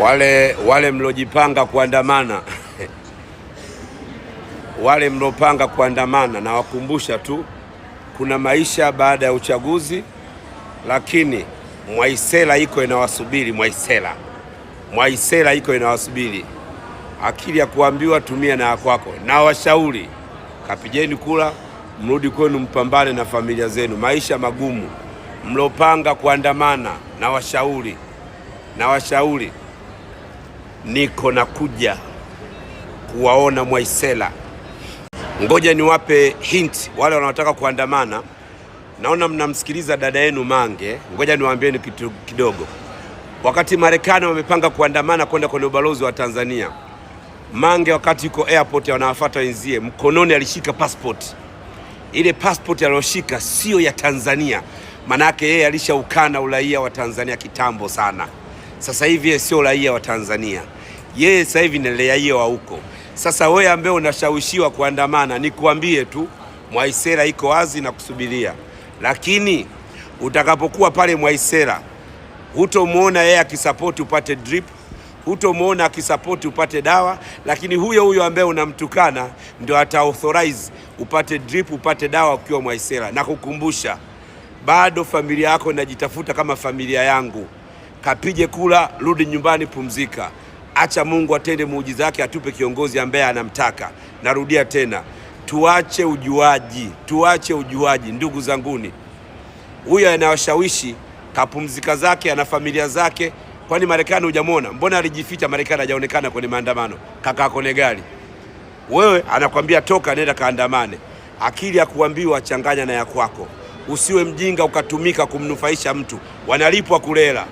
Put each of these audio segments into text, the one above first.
wale, wale mliojipanga kuandamana wale mliopanga kuandamana, nawakumbusha tu kuna maisha baada ya uchaguzi, lakini Mwaisela iko inawasubiri. Mwaisela, Mwaisela iko inawasubiri. Akili ya kuambiwa tumia na yakwako kwako, na washauri kapijeni kula, mrudi kwenu, mpambane na familia zenu. Maisha magumu mlopanga kuandamana, na washauri na washauri niko na kuja kuwaona Mwaisela. Ngoja niwape hint wale wanaotaka kuandamana. Naona mnamsikiliza dada yenu Mange, ngoja ni kitu kidogo. Wakati Marekani wamepanga kuandamana kwenda kwenye ubalozi wa Tanzania, Mange wakati yuko airport wanawafuata wenzie, mkononi alishika passport. Ile passport aliyoshika sio ya Tanzania, manake yeye alishaukana uraia wa Tanzania kitambo sana. Sasa hivi sio raia wa Tanzania yeye sasa hivi nalea hiyo wa huko. Sasa wewe ambaye unashawishiwa kuandamana, nikuambie tu Mwaisera iko wazi na kusubiria, lakini utakapokuwa pale Mwaisera hutomwona yeye akisapoti upate drip, hutomwona akisapoti upate dawa, lakini huyo huyo ambaye unamtukana ndio ata authorize upate drip, upate dawa ukiwa Mwaisera. Na kukumbusha bado familia yako inajitafuta kama familia yangu. Kapige kula, rudi nyumbani, pumzika. Acha Mungu atende muujiza wake, atupe kiongozi ambaye anamtaka. Narudia tena, tuache ujuaji, tuache ujuaji ndugu zanguni. Huyo anawashawishi kapumzika zake, ana familia zake. Kwani Marekani hujamwona? Mbona alijificha Marekani, hajaonekana kwenye maandamano? Kakaa kwenye gari, wewe anakwambia toka, nenda kaandamane. Akili ya kuambiwa changanya na ya kwako. Usiwe mjinga ukatumika kumnufaisha mtu. Wanalipwa kulela,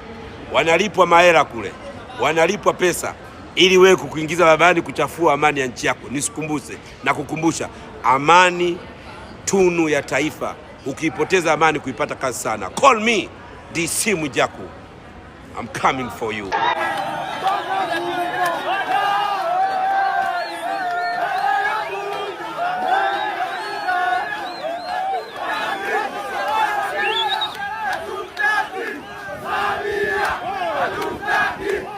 wanalipwa mahela kule wanalipwa pesa ili wewe kukuingiza barabarani kuchafua amani ya nchi yako. Nisikumbuse na kukumbusha, amani tunu ya taifa. Ukiipoteza amani, kuipata kazi sana. Call me DC Mwijaku, I'm coming for you.